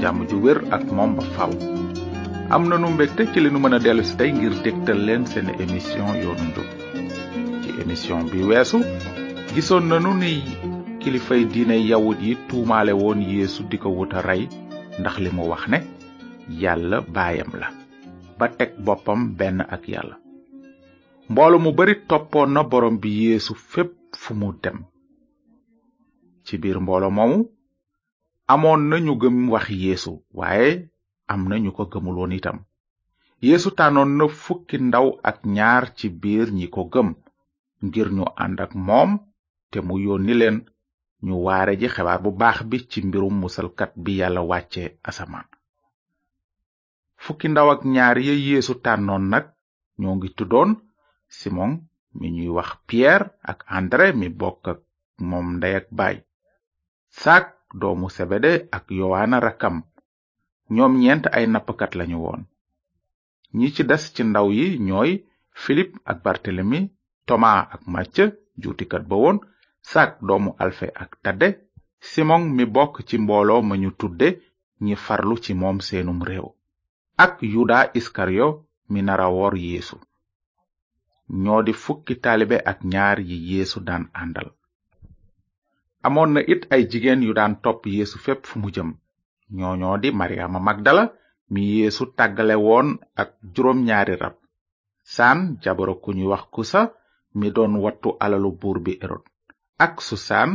jàmm ju wér ak moom ba faw am na nu mbégte ci li nu mën a dellu si tey ngir dégtal leen seen émission yoonu njub ci émission bi weesu gisoon nanu ni kilifay diine yawut yi tuumaale woon yeesu di ko wut a rey ndax li mu wax ne yàlla baayam la ba teg boppam benn ak yàlla mbooloo mu bari toppoon na borom bi yéesu fépp fu mu dem ci biir mbooloo moomu amoon nañu gëm wax yeesu waaye am nañu ko gëmuloon itam yeesu tànnoon na fukki ndaw ak ñaar ci biir ñi ko gëm ngir ñu ànd moom te mu yónni leen ñu waare ji xebaar bu baax bi ci mbirum musalkat bi yàlla wàcce asamaan fukki ndaw ak ñaar ya yeesu tànnoon nag ñoo ngi tuddoon simon mi ñuy wax pierre ak andré mi bokk ak moom ndey ak baay doomu sebede ak yowaana rakkam ñoom ñeent ay nappkat lañu woon ñi ci des ci ndaw yi ñooy filip ak bartelemi toma ak màcc juutikat ba woon sak doomu alfe ak tadde simon mi bokk ci mbooloo ma ñu tudde ñi farlu ci moom seenum réew ak yuda iskario mi nara woor yeesu ñoo di fukki taalibe ak ñaar yi yéesu daan àndal amoon na it ay jigéen yu daan topp yeesu fépp fu mu jëm ñooñoo di maryaama magdala mi yeesu tàggale woon ak juróom ñaari rab saan jabaro ku ñuy wax kusa mi doon wattu alalu buur bi erod ak susaan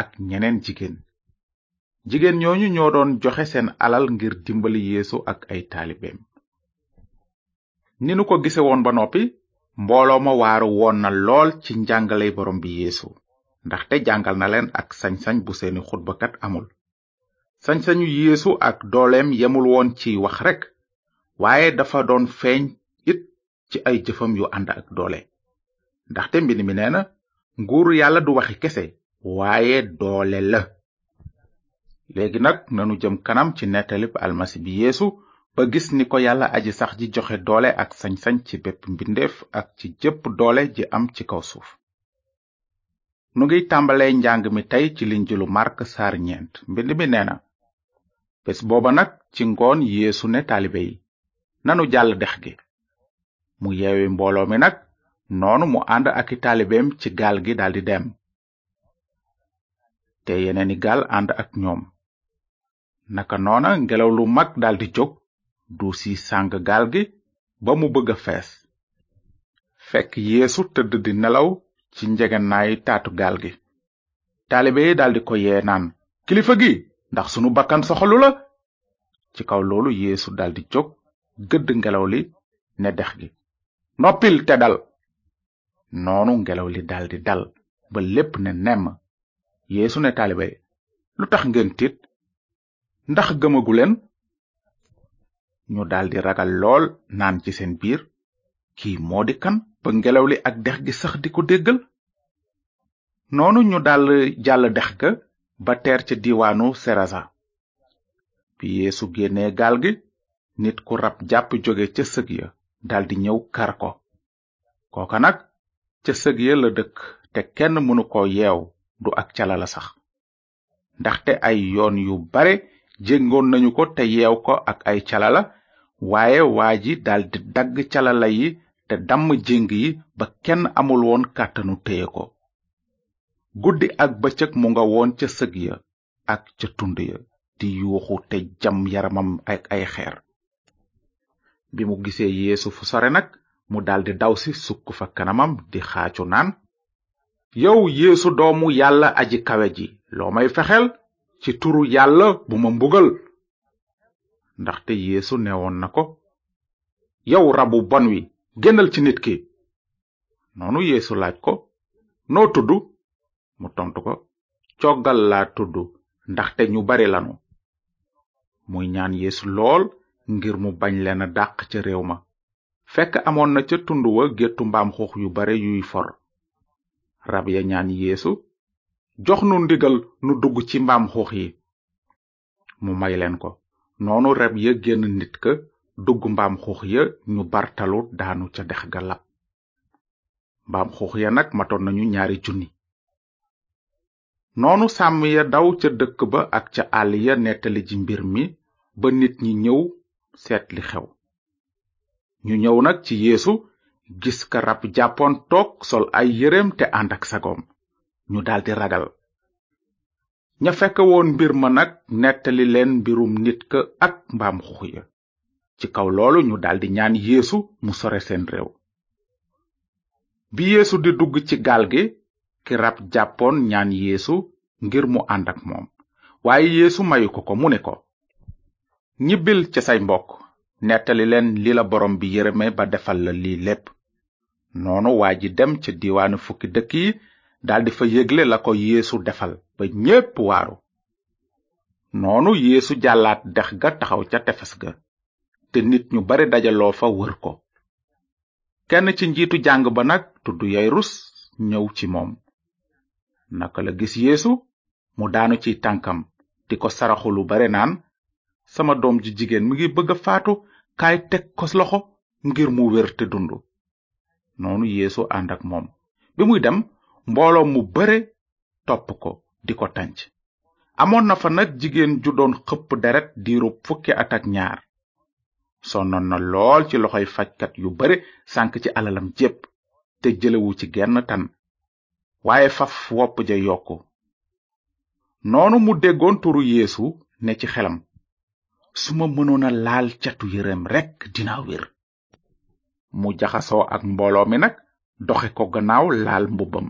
ak ñeneen jigéen jigéen ñooñu ñoo doon joxe seen alal ngir dimbali yeesu ak ay taalibeem ni nu ko gise woon ba noppi mbooloo ma waaru woon na lool ci njàngaley boroom bi yeesu ndaxte jàngal na leen ak sañ-sañ bu seeni xutbakat amul sañ-sañu yéesu ak dooleem yemul woon ci wax rek waaye dafa doon feeñ it ci ay jëfam yu ànd ak doole ndaxte mbind mi nee na nguuru yàlla du waxi kese waaye doole la léegi nag nanu jëm kanam ci nettalib almasi bi yéesu ba gis ni ko yàlla aji sax ji joxe doole ak sañ-sañ ci bépp mbindeef ak ci jëpp doole ji am ci kaw suuf nu ngi tàmbalee njàng mi tey ci linjilu màrk saar ñeent mbind mi nee na bés booba nag ci ngoon yéesu ne taalibe yi nanu jàll dex gi mu yeewi mbooloo mi nag noonu mu ànd ak i taalibeem ci gaal gi daldi dem te yeneeni gaal ànd ak ñoom naka noona ngelaw lu mag daldi jóg duus yi sàng gaal gi ba mu bëgg a fees fekk yéesu tëdd di nelaw ci njegenaay taatu gaal gi taalibe yi daldi ko yee naan kilifa gi ndax sunu bakkan soxalula ci kaw loolu yeesu daldi jóg gëdd ngelaw li ne dex gi noppil te dal noonu ngelaw li daldi dal ba lépp ne nemm yeesu ne taalibe yi lu tax ngeen tiit ndax leen ñu daldi ragal lool naan ci seen biir kii moo di kan ba ngelaw li ak dex gi sax di ko déggal noonu ñu dal jàll dex ga ba ter ca diwaanu serasa bi yeesu génnee gaal gi nit ku rab jàpp jóge ca sëg ya daldi ñëw kar ko kooka nag ca sëg ya la dëkk te kenn mënu ko yeew du ak calala la sax ndaxte ay yoon yu bare jéngoon nañu ko te yeew ko ak ay calala waaye waa ji daldi dagg calala yi te damm jing yi ba kenn amul woon kàttanu téye ko guddi ak bëcëg mu nga woon ca sëg ya ak ca tund ya di yuuxu te jam yaramam ak ay xeer bi mu gisee yéesu fu sore nag mu daldi dawsi sukk fa kanamam di xaacu naan yow yeesu doomu yàlla aji kawe ji loo may fexeel ci turu yàlla bu ma mbugal ndaxte yéesu newoon na ko yow rabu bon wi génnal ci nit ki noonu yéesu laaj ko noo tudd mu tontu ko coggal laa tudd ndaxte ñu bari lanu muy ñaan yéesu lool ngir mu bañ leen a dàq ca réew ma fekk amoon na ca tund wa géttu mbaam xuux yu bare yuy for rab ya ñaan yeesu jox nu ndigal nu dugg ci mbaam xuux yi mu may leen ko noonu rab ya génn nit ka dugg mbaam xuux ya ñu bartalu daanu ca dex mbaam xuux ya nag matoon nañu ñaari junni noonu sàmm ya daw ca dëkk ba ak ca àll ya nettali ji mbir mi ba nit ñi ñëw seet li xew ñu ñëw nag ci yéesu gis ka rab jàppoon toog sol ay yéreem te ànd ak sagoom ñu daldi ragal ña fekk woon mbir ma nag nettali leen mbirum nit ka ak mbaam xuux ya ci kaw loolu ñu daldi ñaan yéesu mu sore seen réew bi yéesu di dugg ci gaal gi ki rab jàppoon ñaan yéesu ngir mu ànd ak moom waaye yeesu mayu ko ko mu ne ko ñibbil ca say mbokk nettali leen li la borom bi yërëme ba defal la lii lépp noonu waa ji dem ca diwaanu fukki dëkk yi daldi fa yégle la ko yéesu defal ba ñépp waaru noonu yéesu jàllaat dex ga taxaw ca tefes ga nit ñu bare dajaloo fa ko kenn ci njiitu jàng ba nag tudd yayrus ñëw ci moom naka la gis yéesu mu daanu ci tànkam di ko saraxu lu bare naan sama doom ji jigéen mi ngi bëgg a faatu kaay teg ko loxo ngir mu wér te dund noonu yeesu ànd ak moom bi muy dem mbooloo mu bare topp ko di ko tànc amoon na fa nag jigéen ju doon xëpp deret diirub fukki at ak ñaar sonnoon na lool ci loxoy fajkat yu bare sànk ci alalam jépp te jëlewu ci genn tan waaye faf wopp ja yokku noonu mu déggoon turu yéesu ne ci xelam su ma mënoon laal catu yéreem rekk dina wér mu jaxasoo ak mbooloo mi nag doxe ko gannaaw laal mbubbam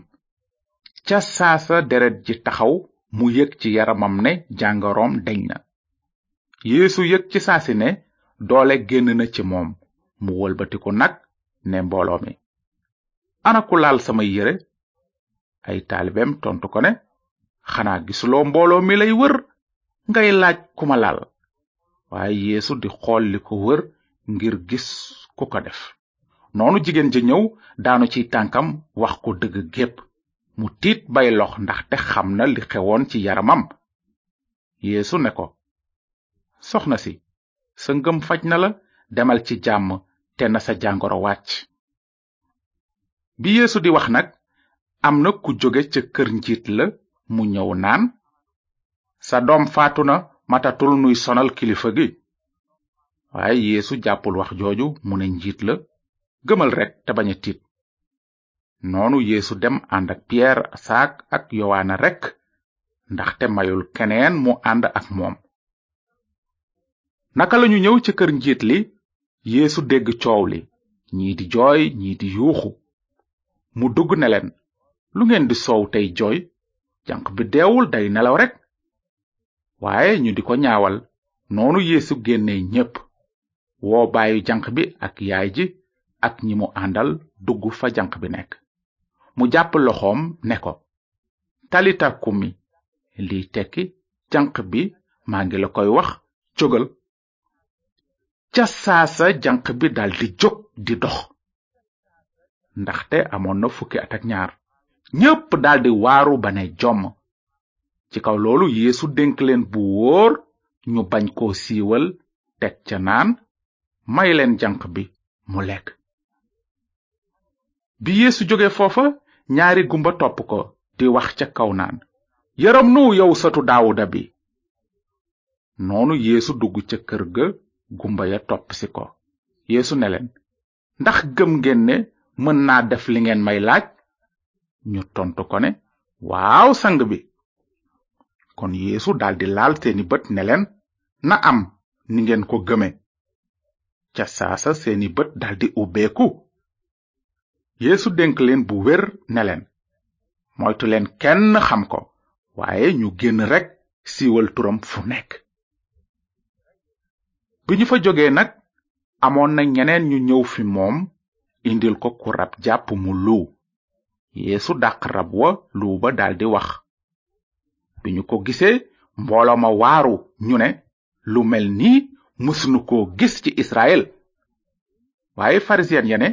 ca saasa deret ji taxaw mu yëg ci yaramam ne jàngoroom deñ na yeesu yëg ci saasi ne doole génn na ci moom mu walbatiku nag ne mbooloo mi ana ku laal sama yére ay taalibeem tontu ko ne xanaa gisuloo mbooloo mi lay wër ngay laaj ku ma laal waaye yéesu di xool li ko wër ngir gis ku ko def noonu jigéen ja ñëw daanu ci tànkam wax ko dëgg gépp mu tiit bay lox ndaxte xam na li xewoon ci yaramam yéesu ne ko soxna si sa ngëm faj na la demal ci jàmm te na sa jàngoro wàcc bi yéesu di wax nag am na ku jóge ca kër njiit la mu ñëw naan sa doom faatu na matatul nuy sonal kilifa gi waaye yeesu jàppul wax jooju mu ne njiit la gëmal rek te bañ a tiit noonu yeesu dem ànd ak piyeer saak ak yowaana rekk ndaxte mayul keneen mu ànd ak moom naka lañu ñëw ci kër njiit li yéesu dégg coow li ñii di jooy ñii di yuuxu mu dugg ne leen lu ngeen di soow tey jooy janq bi deewul day nelaw rekk waaye ñu di ko ñaawal noonu yéesu génne ñépp woo bàyyi janq bi ak yaay ji ak ñi mu àndal dugg fa janq bi nekk mu jàpp loxoom ne ko talita mi liy tekki janq bi maa ngi la koy wax jógal ca saa sa janq bi daldi jóg di dox ndaxte amoon na fukki at ñaar ñépp daldi waaru ba ne jomm ci kaw loolu yéesu dénk leen bu wóor ñu bañ koo siiwal teg ca naan may leen janq bi mu lekk bi yéesu jóge foofa ñaari gumba topp ko di wax ca kaw naan yaram nu yow satu daawuda bi noonu yéesu dugg ca kër ga gumba ya topp si ko yéesu ne leen ndax gëm ngeen ne mën naa def li ngeen may laaj ñu tontu ko ne waaw sang bi kon yéesu daldi laal seeni bët ne leen na am ni ngeen ko gëme ca saasa seeni bët daldi ubbeeku yéesu dénk leen bu wér ne leen moytu leen kenn xam ko waaye ñu génn rekk siiwal turam fu nekk bi ñu fa jógee nag amoon na ñeneen ñu ñëw fi moom indil ko ku rab jàpp mu luu yeesu dàq rab wa luu ba daldi wax bi ñu ko gisee mbooloo ma waaru ñu ne lu mel nii mësunu ko gis ci israel waaye farisiyen ya ne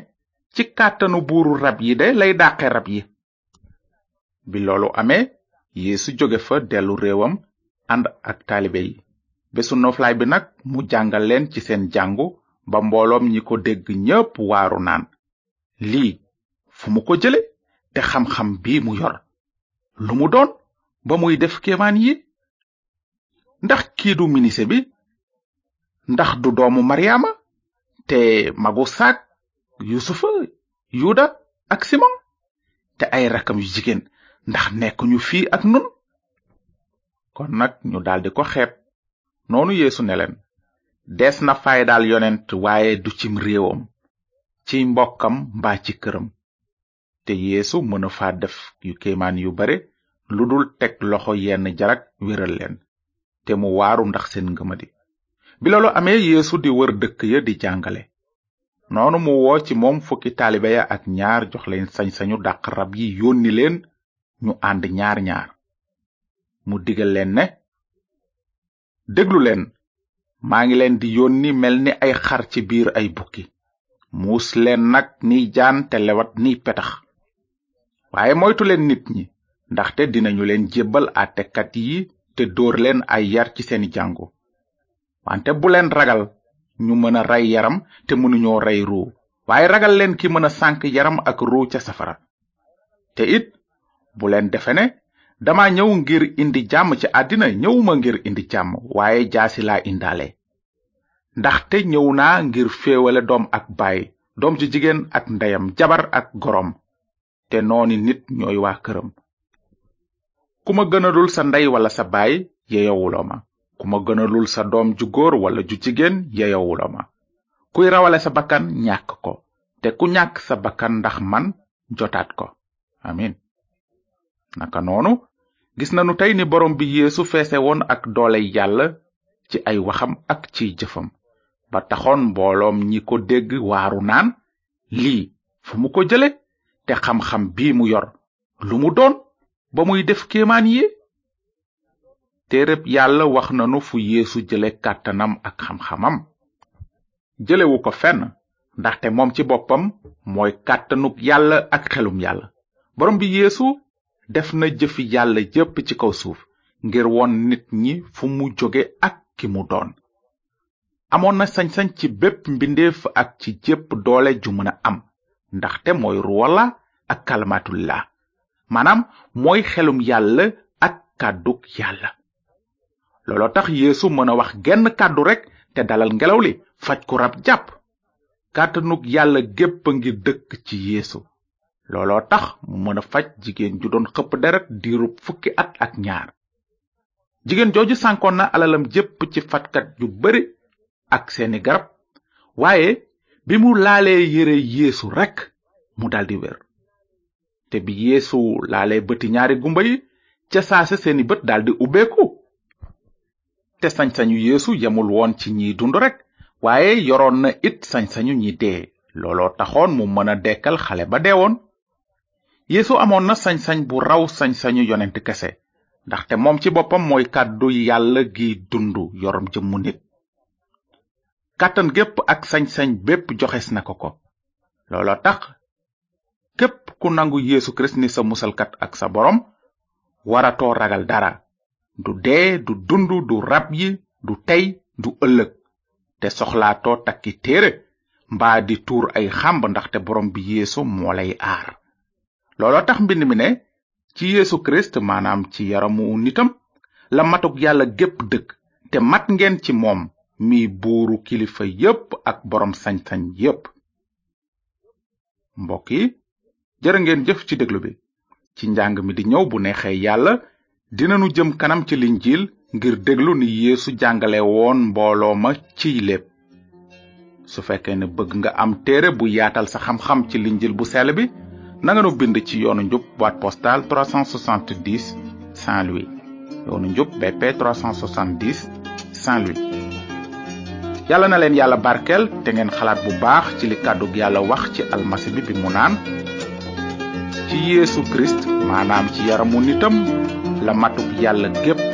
ci kàttanu buuru rab yi de lay dàqe rab yi bi loolu amee yéesu jóge fa dellu réewam ànd ak taalibe yi bésu noflaay bi nag mu jàngal leen ci seen jàngu ba mbooloom ñi ko dégg ñépp waaru naan lii fu mu ko jële te xam-xam bi mu yor lu mu doon ba muy def kéemaan yi ndax kiidu minise bi ndax du doomu maryaama te magu saak yusufa yuda ak simon te ay rakam yu jigéen ndax nekkuñu fii ak nun kon nag ñu daldi ko xeeb noonu yeesu ne leen des na faydaal yonent waaye du cim réewam ci mbokkam mba ci këram te yeesu mëna fa def yu kéemaan yu bare lu dul teg loxo yenn jarak wéral leen te mu waaru ndax seen ngëmadi bi loolu amee yeesu di wër dëkk ya di jàngale noonu mu woo ci moom fukki taalibe ya ak ñaar jox leen sañ-sañu dàq rab yi yónni leen ñu ànd ñaar ñaar mu digal leen ne déglu leen maa ngi leen di yónni mel ni ay xar ci biir ay bukki muus leen nag ni jaan te lewat niy petax waaye moytu leen nit ñi ndaxte dinañu leen jébbal àttekat yi te dóor leen ay yar ci seeni jàngu wante bu leen ragal ñu mën a rey yaram te mënuñoo rey ruu waaye ragal leen ki mën a sànk yaram ak ruu ca safara te it bu leen defe ne dama ñëw ngir indi jàmm ci àddina ñëwuma ngir indi jàmm waaye jaa si laa indaale te ñëw naa ngir féewale doom ak baay doom ju jigéen ak ndeyam jabar ak gorom te nooni nit ñooy waa këram ku ma gënalul sa ndey wala sa baay yeyowuloo ma ku ma gënalul sa doom ju góor wala ju jigéen yeyowuloo ma kuy rawale sa bakkan ñàkk ko te ku ñàkk sa bakkan ndax man jotaat ko amin naka noonu gis na nu tey ni borom bi yeesu feese woon ak doole yàlla ci ay waxam ak ciy jëfam ba taxoon mbooloom ñi ko dégg waaru naan lii fu mu ko jële te xam-xam bii mu yor lu mu doon ba muy def kéemaan yi téereb yàlla wax na nu fu yeesu jële kàttanam ak xam-xamam jëlewu ko fenn ndaxte moom ci boppam mooy kàttanuk yàlla ak xelum yàlla borom bi yeesu def na jëfi yàlla yépp ci kaw suuf ngir won nit ñi fu mu jóge ak ki mu doon amoon na sañ-sañ ci bépp mbindeef ak ci jépp doole ju mën a am ndaxte mooy ruwala ak kalmatullah maanaam mooy xelum yàlla ak kàddug yàlla looloo tax yeesu mën a wax genn kàddu rekk te dalal ngelaw li faj ku rab jàpp kàttanug yàlla gépp ngir dëkk ci yeesu looloo tax mu mën faj jigéen ju doon xëpp deret diirub fukki at ak ñaar jigéen jooju sànkoon na alalam jépp ci fajkat yu bari ak seeni garab waaye bi mu laalee yére yéesu rekk mu daldi wér te bi yéesu laalee bëti ñaari gumba yi ca saase seeni bët daldi ubbeeku te sañ-sañu yéesu yemul woon ci ñiy dund rekk waaye yoroon na it sañ-sañu ñi dee looloo taxoon mu mën a dekkal xale ba deewoon yeesu amoon na sañ-sañ bu raw sañ-sañu yonent kese ndaxte moom ci boppam mooy kàddu yàlla gi dundu yorum jëmmu nit kàttan gépp ak sañ-sañ bépp joxes na ko ko looloo tax képp ku nangu yéesu kirist ni sa musalkat ak sa borom waratoo ragal dara du dee du dund du rab yi du tey du ëllëg te soxlaatoo takki téere mbaa di tuur ay xamb ndaxte borom bi yeesu moo lay aar looloo tax mbind mi ne ci yeesu kirist maanaam ci yaramu nitam la matug yàlla gépp dëkk te mat ngeen ci moom mi buuru kilifa yépp ak boroom sañ yépp mbokk yi jërë ngeen jëf ci déglu bi ci njàng mi di ñëw bu neexee yàlla dinanu jëm kanam ci linjiil ngir déglu ni yéesu jàngale woon mbooloo ma ciy lépp su fekkee ne bëgg nga am téere bu yaatal sa xam-xam ci linjiil bu sell bi na bind ci yoonu njub boîte postale 370 Saint-Louis yoonu njub BP 370 Saint-Louis. yàlla na leen yàlla barkeel te ngeen xalaat bu baax ci li kàddug yàlla wax ci almasi bi bi mu naan ci Yeesu Christ maanaam ci yaramu nitam la matuk yàlla gépp